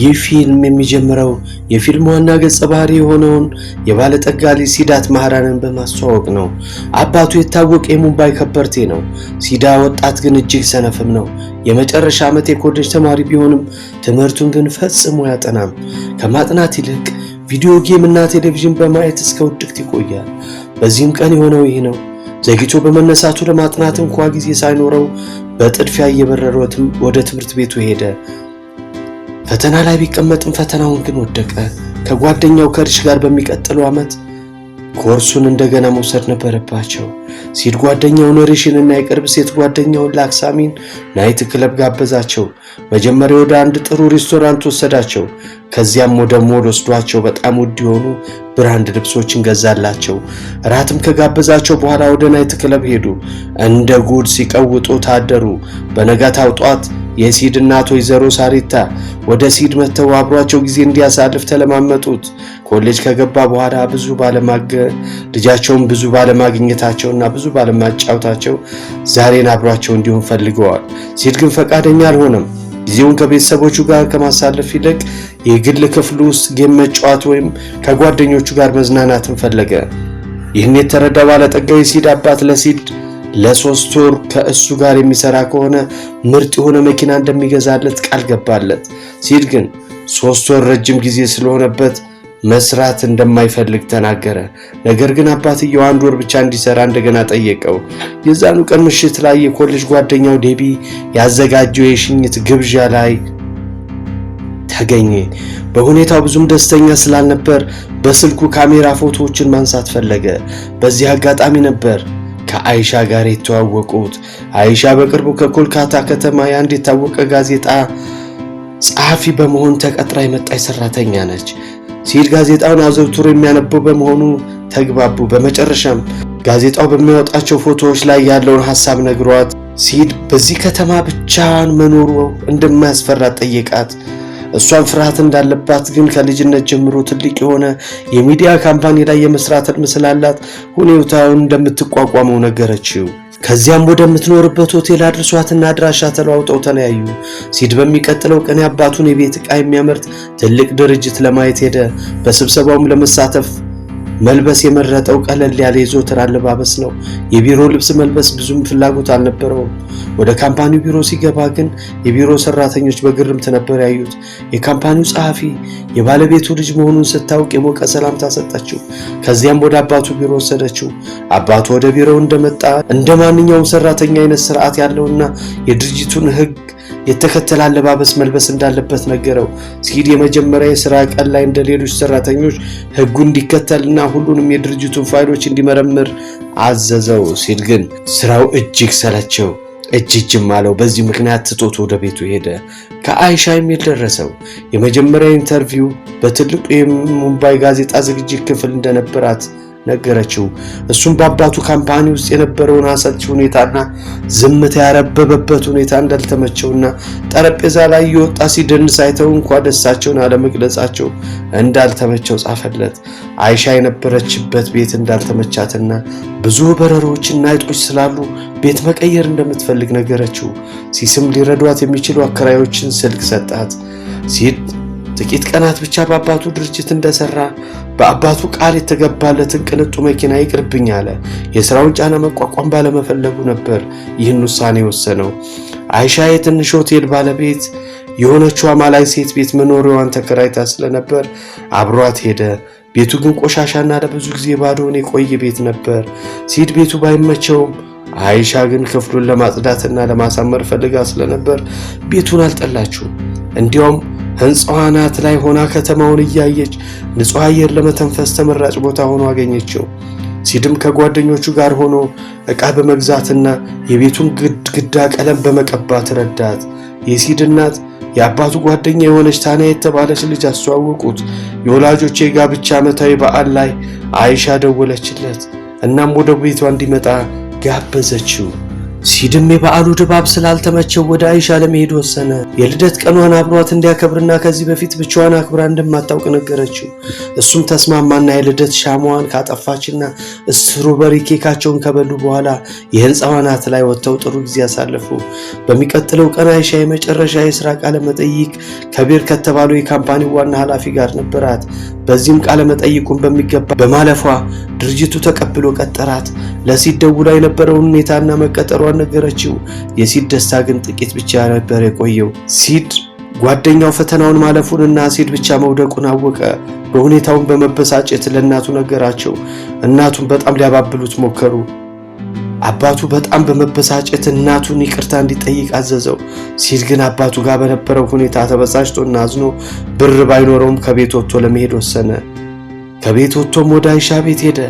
ይህ ፊልም የሚጀምረው የፊልም ዋና ገጸ ባህሪ የሆነውን የባለጠጋ ልጅ ሲዳት ማህራንን በማስተዋወቅ ነው። አባቱ የታወቀ የሙምባይ ከበርቴ ነው። ሲዳ ወጣት ግን እጅግ ሰነፍም ነው። የመጨረሻ ዓመት የኮሌጅ ተማሪ ቢሆንም ትምህርቱን ግን ፈጽሞ ያጠናም። ከማጥናት ይልቅ ቪዲዮ ጌም እና ቴሌቪዥን በማየት እስከ ውድቅት ይቆያል። በዚህም ቀን የሆነው ይህ ነው። ዘግይቶ በመነሳቱ ለማጥናት እንኳ ጊዜ ሳይኖረው በጥድፊያ እየበረረ ወደ ትምህርት ቤቱ ሄደ። ፈተና ላይ ቢቀመጥም ፈተናውን ግን ወደቀ። ከጓደኛው ከርሽ ጋር በሚቀጥለው ዓመት ኮርሱን እንደገና መውሰድ ነበረባቸው። ሲድ ጓደኛው ኖሬሽንና የቅርብ ሴት ጓደኛውን ላክሳሚን ናይት ክለብ ጋበዛቸው። መጀመሪያ ወደ አንድ ጥሩ ሬስቶራንት ወሰዳቸው። ከዚያም ወደ ሞል ወስዷቸው በጣም ውድ የሆኑ ብራንድ ልብሶችን ገዛላቸው። እራትም ከጋበዛቸው በኋላ ወደ ናይት ክለብ ሄዱ። እንደ ጉድ ሲቀውጡ ታደሩ። በነጋታው ጧት የሲድ እናት ወይዘሮ ሳሪታ ወደ ሲድ መጥተው አብሯቸው ጊዜ እንዲያሳልፍ ተለማመጡት። ኮሌጅ ከገባ በኋላ ብዙ ባለማገ ልጃቸውን ብዙ ባለማግኘታቸውና እና ብዙ ባለማጫወታቸው ዛሬን አብሯቸው እንዲሆን ፈልገዋል። ሲድ ግን ፈቃደኛ አልሆነም። ጊዜውን ከቤተሰቦቹ ጋር ከማሳለፍ ይልቅ የግል ክፍሉ ውስጥ ጌም መጫወት ወይም ከጓደኞቹ ጋር መዝናናትን ፈለገ። ይህን የተረዳ ባለጠጋ የሲድ አባት ለሲድ ለሶስት ወር ከእሱ ጋር የሚሰራ ከሆነ ምርጥ የሆነ መኪና እንደሚገዛለት ቃል ገባለት። ሲድ ግን ሶስት ወር ረጅም ጊዜ ስለሆነበት መስራት እንደማይፈልግ ተናገረ። ነገር ግን አባትየው አንድ ወር ብቻ እንዲሰራ እንደገና ጠየቀው። የዛኑ ቀን ምሽት ላይ የኮሌጅ ጓደኛው ዴቢ ያዘጋጀው የሽኝት ግብዣ ላይ ተገኘ። በሁኔታው ብዙም ደስተኛ ስላልነበር በስልኩ ካሜራ ፎቶዎችን ማንሳት ፈለገ። በዚህ አጋጣሚ ነበር ከአይሻ ጋር የተዋወቁት። አይሻ በቅርቡ ከኮልካታ ከተማ የአንድ የታወቀ ጋዜጣ ጸሐፊ በመሆን ተቀጥራ የመጣች ሰራተኛ ነች። ሲሄድ ጋዜጣውን አዘውትሮ የሚያነበው በመሆኑ ተግባቡ። በመጨረሻም ጋዜጣው በሚያወጣቸው ፎቶዎች ላይ ያለውን ሐሳብ ነግሯት ሲድ በዚህ ከተማ ብቻዋን መኖሩ እንደማያስፈራት ጠየቃት። እሷን ፍርሃት እንዳለባት ግን ከልጅነት ጀምሮ ትልቅ የሆነ የሚዲያ ካምፓኒ ላይ የመስራት ሕልም ስላላት ሁኔታውን እንደምትቋቋመው ነገረችው። ከዚያም ወደምትኖርበት ሆቴል አድርሷትና አድራሻ ተለዋውጠው ተለያዩ። ሲድ በሚቀጥለው ቀን የአባቱን የቤት ዕቃ የሚያመርት ትልቅ ድርጅት ለማየት ሄደ። በስብሰባውም ለመሳተፍ መልበስ የመረጠው ቀለል ያለ የዞትር አለባበስ ነው። የቢሮ ልብስ መልበስ ብዙም ፍላጎት አልነበረውም። ወደ ካምፓኒው ቢሮ ሲገባ ግን የቢሮ ሰራተኞች በግርምት ነበር ያዩት። የካምፓኒው ጸሐፊ የባለቤቱ ልጅ መሆኑን ስታውቅ የሞቀ ሰላምታ ሰጠችው። ከዚያም ወደ አባቱ ቢሮ ወሰደችው። አባቱ ወደ ቢሮው እንደመጣ እንደ ማንኛውም ሰራተኛ አይነት ስርዓት ያለውና የድርጅቱን ሕግ የተከተለ አለባበስ መልበስ እንዳለበት ነገረው። ሲሄድ የመጀመሪያ የስራ ቀን ላይ እንደ ሌሎች ሰራተኞች ህጉን እንዲከተልና ሁሉንም የድርጅቱን ፋይሎች እንዲመረምር አዘዘው። ሲል ግን ስራው እጅግ ሰለቸው። እጅ እጅም አለው። በዚህ ምክንያት ትቶት ወደ ቤቱ ሄደ። ከአይሻ የሚደረሰው ደረሰው። የመጀመሪያ ኢንተርቪው በትልቁ የሙምባይ ጋዜጣ ዝግጅት ክፍል እንደነበራት ነገረችው። እሱም በአባቱ ካምፓኒ ውስጥ የነበረውን አሰልቺ ሁኔታና ዝምታ ያረበበበት ሁኔታ እንዳልተመቸውና ጠረጴዛ ላይ እየወጣ ሲደንስ አይተው እንኳ ደስታቸውን አለመግለጻቸው እንዳልተመቸው ጻፈለት። አይሻ የነበረችበት ቤት እንዳልተመቻትና ብዙ በረሮችና አይጦች ስላሉ ቤት መቀየር እንደምትፈልግ ነገረችው። ሲስም ሊረዷት የሚችሉ አከራዮችን ስልክ ሰጣት። ጥቂት ቀናት ብቻ በአባቱ ድርጅት እንደሰራ በአባቱ ቃል የተገባለትን ቅንጡ መኪና ይቅርብኝ አለ። የስራውን ጫና መቋቋም ባለመፈለጉ ነበር ይህን ውሳኔ የወሰነው። አይሻ የትንሽ ሆቴል ባለቤት የሆነችው አማላይ ሴት ቤት መኖሪያዋን ተከራይታ ስለነበር አብሯት ሄደ። ቤቱ ግን ቆሻሻና ለብዙ ጊዜ ባዶውን የቆየ ቤት ነበር። ሲድ ቤቱ ባይመቸውም አይሻ ግን ክፍሉን ለማጽዳትና ለማሳመር ፈልጋ ስለነበር ቤቱን አልጠላችሁም። እንዲያውም ሕንፃዋ አናት ላይ ሆና ከተማውን እያየች ንጹሕ አየር ለመተንፈስ ተመራጭ ቦታ ሆኖ አገኘችው። ሲድም ከጓደኞቹ ጋር ሆኖ ዕቃ በመግዛትና የቤቱን ግድግዳ ቀለም በመቀባት ረዳት። የሲድ እናት የአባቱ ጓደኛ የሆነች ታንያ የተባለች ልጅ አስተዋወቁት። የወላጆቼ የጋብቻ ዓመታዊ በዓል ላይ አይሻ ደወለችለት። እናም ወደ ቤቷ እንዲመጣ ጋበዘችው። ሲድም የበዓሉ ድባብ ስላልተመቸው ወደ አይሻ ለመሄድ ወሰነ። የልደት ቀኗን አብሯት እንዲያከብርና ከዚህ በፊት ብቻዋን አክብራ እንደማታውቅ ነገረችው። እሱም ተስማማና የልደት ሻማዋን ካጠፋችና ስትሮበሪ ኬካቸውን ከበሉ በኋላ የህንፃው አናት ላይ ወጥተው ጥሩ ጊዜ አሳለፉ። በሚቀጥለው ቀን አይሻ የመጨረሻ የስራ ቃለ መጠይቅ ከቤር ከተባለው የካምፓኒ ዋና ኃላፊ ጋር ነበራት። በዚህም ቃለ መጠይቁን በሚገባ በማለፏ ድርጅቱ ተቀብሎ ቀጠራት። ለሲደውላ የነበረውን ሁኔታና መቀጠሯ ታሪኳን ነገረችው። የሲድ ደስታ ግን ጥቂት ብቻ ነበር የቆየው። ሲድ ጓደኛው ፈተናውን ማለፉንና ሲድ ብቻ መውደቁን አወቀ። በሁኔታውን በመበሳጨት ለእናቱ ነገራቸው። እናቱን በጣም ሊያባብሉት ሞከሩ። አባቱ በጣም በመበሳጨት እናቱን ይቅርታ እንዲጠይቅ አዘዘው። ሲድ ግን አባቱ ጋር በነበረው ሁኔታ ተበሳጭቶና አዝኖ ብር ባይኖረውም ከቤት ወጥቶ ለመሄድ ወሰነ። ከቤት ወጥቶም ወደ አይሻ ቤት ሄደ።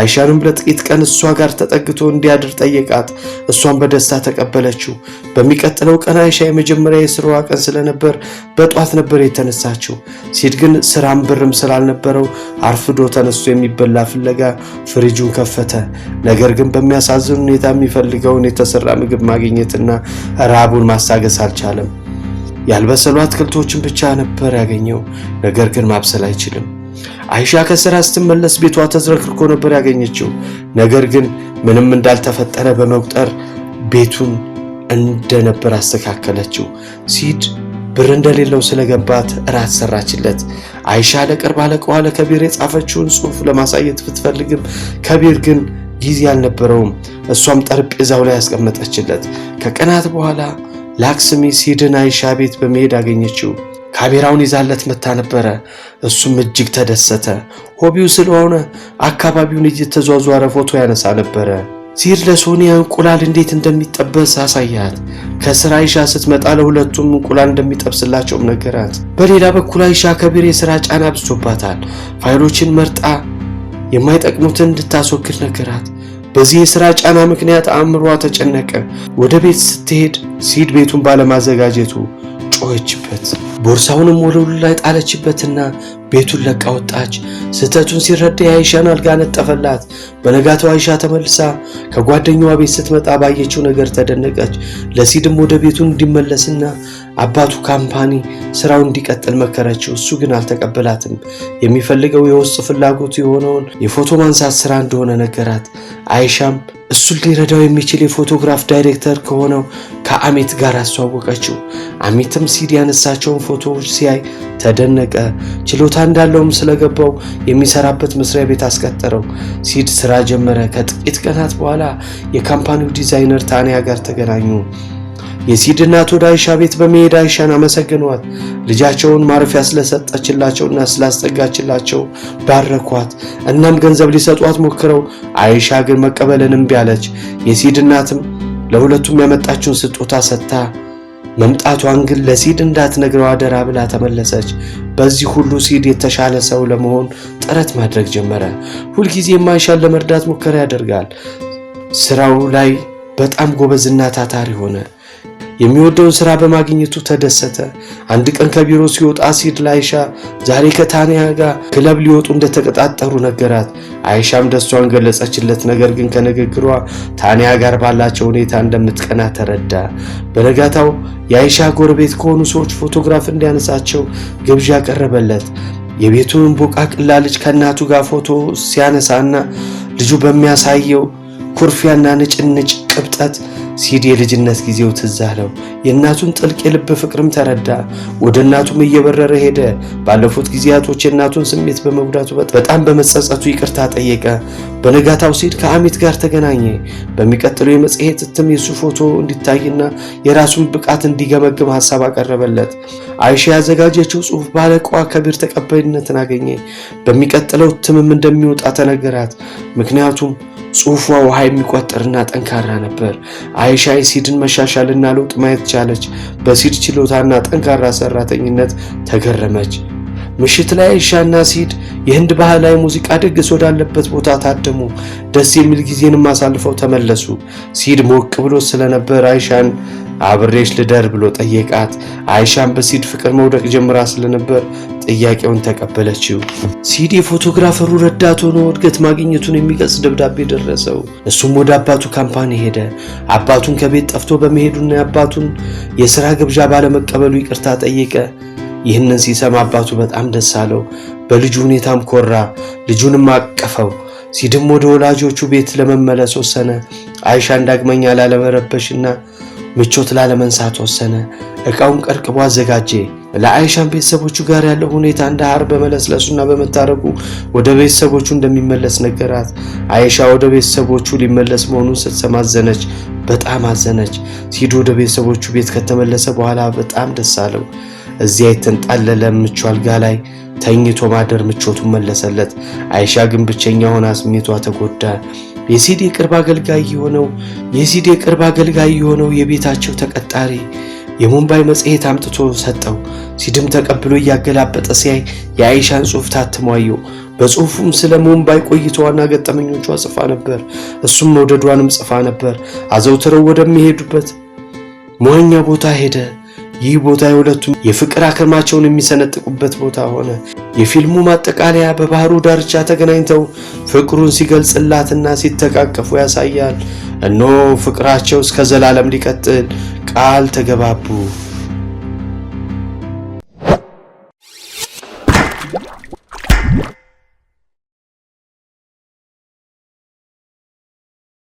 አይሻንም ለጥቂት ቀን እሷ ጋር ተጠግቶ እንዲያድር ጠየቃት። እሷን በደስታ ተቀበለችው። በሚቀጥለው ቀን አይሻ የመጀመሪያ የስራዋ ቀን ስለነበር በጧት ነበር የተነሳችው። ሲድ ግን ስራም ብርም ስላልነበረው አርፍዶ ተነስቶ የሚበላ ፍለጋ ፍሪጁን ከፈተ። ነገር ግን በሚያሳዝን ሁኔታ የሚፈልገውን የተሰራ ምግብ ማግኘትና ረሃቡን ማስታገስ አልቻለም። ያልበሰሉ አትክልቶችን ብቻ ነበር ያገኘው። ነገር ግን ማብሰል አይችልም። አይሻ ከስራ ስትመለስ ቤቷ ተዝረክርኮ ነበር ያገኘችው። ነገር ግን ምንም እንዳልተፈጠረ በመቁጠር ቤቱን እንደነበር አስተካከለችው። ሲድ ብር እንደሌለው ስለገባት እራት ሰራችለት። አይሻ ለቅርብ አለቃዋ ለከቢር የጻፈችውን ጽሑፍ ለማሳየት ብትፈልግም ከቢር ግን ጊዜ አልነበረውም። እሷም ጠረጴዛው ላይ ያስቀመጠችለት። ከቀናት በኋላ ላክስሚ ሲድን አይሻ ቤት በመሄድ አገኘችው። ካሜራውን ይዛለት መታ ነበረ። እሱም እጅግ ተደሰተ። ሆቢው ስለሆነ አካባቢውን እየተዟዟረ ፎቶ ያነሳ ነበረ። ሲር ለሶኒያ እንቁላል እንዴት እንደሚጠበስ አሳያት። ከስራ አይሻ ስትመጣ ለሁለቱም እንቁላል እንደሚጠብስላቸውም ነገራት። በሌላ በኩል አይሻ ከቢር የስራ ጫና ብሶባታል። ፋይሎችን መርጣ የማይጠቅሙትን እንድታስወግድ ነገራት። በዚህ የስራ ጫና ምክንያት አእምሯ ተጨነቀ። ወደ ቤት ስትሄድ ሲድ ቤቱን ባለማዘጋጀቱ ጮኸችበት። ቦርሳውንም ወለሉ ላይ ጣለችበትና ቤቱን ለቃ ወጣች። ስህተቱን ሲረዳ የአይሻን አልጋ ነጠፈላት። በነጋታው አይሻ ተመልሳ ከጓደኛዋ ቤት ስትመጣ ባየችው ነገር ተደነቀች። ለሲድም ወደ ቤቱ እንዲመለስና አባቱ ካምፓኒ ስራው እንዲቀጥል መከረችው። እሱ ግን አልተቀበላትም። የሚፈልገው የውስጥ ፍላጎቱ የሆነውን የፎቶ ማንሳት ስራ እንደሆነ ነገራት። አይሻም እሱን ሊረዳው የሚችል የፎቶግራፍ ዳይሬክተር ከሆነው ከአሚት ጋር አስተዋወቀችው። አሚትም ሲድ ያነሳቸውን ፎቶዎች ሲያይ ተደነቀ። ችሎታ እንዳለውም ስለገባው የሚሰራበት መስሪያ ቤት አስቀጠረው። ሲድ ስራ ጀመረ። ከጥቂት ቀናት በኋላ የካምፓኒው ዲዛይነር ታንያ ጋር ተገናኙ። የሲድና እናት ወደ አይሻ ቤት በመሄድ አይሻን አመሰግኗት ልጃቸውን ማረፊያ ስለሰጠችላቸውና ስላስጠጋችላቸው ባረኳት። እናም ገንዘብ ሊሰጧት ሞክረው አይሻ ግን መቀበልን እምቢ አለች። እናትም ለሁለቱም ያመጣችውን ስጦታ ሰጥታ መምጣቷን ግን ለሲድ እንዳትነግረው አደራ ብላ ተመለሰች። በዚህ ሁሉ ሲድ የተሻለ ሰው ለመሆን ጥረት ማድረግ ጀመረ። ሁልጊዜም አይሻን ለመርዳት ሙከራ ያደርጋል። ስራው ላይ በጣም ጎበዝና ታታሪ ሆነ። የሚወደውን ሥራ በማግኘቱ ተደሰተ። አንድ ቀን ከቢሮ ሲወጣ ሲድ ለአይሻ ዛሬ ከታንያ ጋር ክለብ ሊወጡ እንደተቀጣጠሩ ነገራት። አይሻም ደስቷን ገለጸችለት። ነገር ግን ከንግግሯ ታንያ ጋር ባላቸው ሁኔታ እንደምትቀና ተረዳ። በነጋታው የአይሻ ጎረቤት ከሆኑ ሰዎች ፎቶግራፍ እንዲያነሳቸው ግብዣ ያቀረበለት የቤቱን ቅላ ልጅ ከእናቱ ጋር ፎቶ ሲያነሳና ልጁ በሚያሳየው ኩርፊያና ንጭንጭ ቅብጠት ሲድ የልጅነት ጊዜው ትዝ አለው። የእናቱን ጥልቅ የልብ ፍቅርም ተረዳ። ወደ እናቱም እየበረረ ሄደ። ባለፉት ጊዜያቶች የእናቱን ስሜት በመጉዳቱ በጣም በመጸጸቱ ይቅርታ ጠየቀ። በነጋታው ሲድ ከአሚት ጋር ተገናኘ። በሚቀጥለው የመጽሔት እትም የሱ ፎቶ እንዲታይና የራሱን ብቃት እንዲገመግም ሀሳብ አቀረበለት። አይሻ ያዘጋጀችው ጽሑፍ ባለቋ ከቢር ተቀባይነትን አገኘ። በሚቀጥለው እትምም እንደሚወጣ ተነገራት። ምክንያቱም ጽሑፏ ውሃ የሚቋጠርና ጠንካራ ነበር። አይሻ የሲድን መሻሻልና ለውጥ ማየት ቻለች። በሲድ ችሎታና ጠንካራ ሰራተኝነት ተገረመች። ምሽት ላይ አይሻና ሲድ የህንድ ባህላዊ ሙዚቃ ድግስ ወዳለበት ቦታ ታደሙ። ደስ የሚል ጊዜንም አሳልፈው ተመለሱ። ሲድ ሞቅ ብሎ ስለነበር አይሻን አብሬሽ ልደር ብሎ ጠየቃት። አይሻም በሲድ ፍቅር መውደቅ ጀምራ ስለነበር ጥያቄውን ተቀበለችው። ሲድ የፎቶግራፈሩ ረዳት ሆኖ እድገት ማግኘቱን የሚገልጽ ደብዳቤ ደረሰው። እሱም ወደ አባቱ ካምፓኒ ሄደ። አባቱን ከቤት ጠፍቶ በመሄዱና አባቱን የሥራ ግብዣ ባለመቀበሉ ይቅርታ ጠየቀ። ይህንን ሲሰማ አባቱ በጣም ደስ አለው። በልጁ ሁኔታም ኮራ። ልጁንም አቀፈው። ሲድም ወደ ወላጆቹ ቤት ለመመለስ ወሰነ። አይሻን ዳግመኛ ላለመረበሽና ምቾት ላለመንሳት ወሰነ። እቃውን ቀርቅቦ አዘጋጀ። ለአይሻን ቤተሰቦቹ ጋር ያለው ሁኔታ እንደ ሐር በመለስለሱና በመታረቁ ወደ ቤተሰቦቹ እንደሚመለስ ነገራት። አይሻ ወደ ቤተሰቦቹ ሊመለስ መሆኑን ስትሰማ አዘነች፣ በጣም አዘነች። ሲዱ ወደ ቤተሰቦቹ ቤት ከተመለሰ በኋላ በጣም ደስ አለው። እዚያ የተንጣለለ ምቹ አልጋ ላይ ተኝቶ ማደር ምቾቱን መለሰለት። አይሻ ግን ብቸኛ ሆና ስሜቷ ተጎዳ። የዚድ የቅርብ አገልጋይ የሆነው የዚድ የቅርብ አገልጋይ የሆነው የቤታቸው ተቀጣሪ የሙምባይ መጽሔት አምጥቶ ሰጠው። ሲድም ተቀብሎ እያገላበጠ ሲያይ የአይሻን ጽሑፍ ታትሞ አየው። በጽሑፉም ስለ ሙምባይ ቆይታዋና ገጠመኞቿ ጽፋ ነበር። እሱም መውደዷንም ጽፋ ነበር። አዘውትረው ወደሚሄዱበት መዋኛ ቦታ ሄደ። ይህ ቦታ የሁለቱ የፍቅር አክርማቸውን የሚሰነጥቁበት ቦታ ሆነ። የፊልሙ ማጠቃለያ በባህሩ ዳርቻ ተገናኝተው ፍቅሩን ሲገልጽላትና ሲተቃቀፉ ያሳያል። እነሆ ፍቅራቸው እስከ ዘላለም ሊቀጥል ቃል ተገባቡ።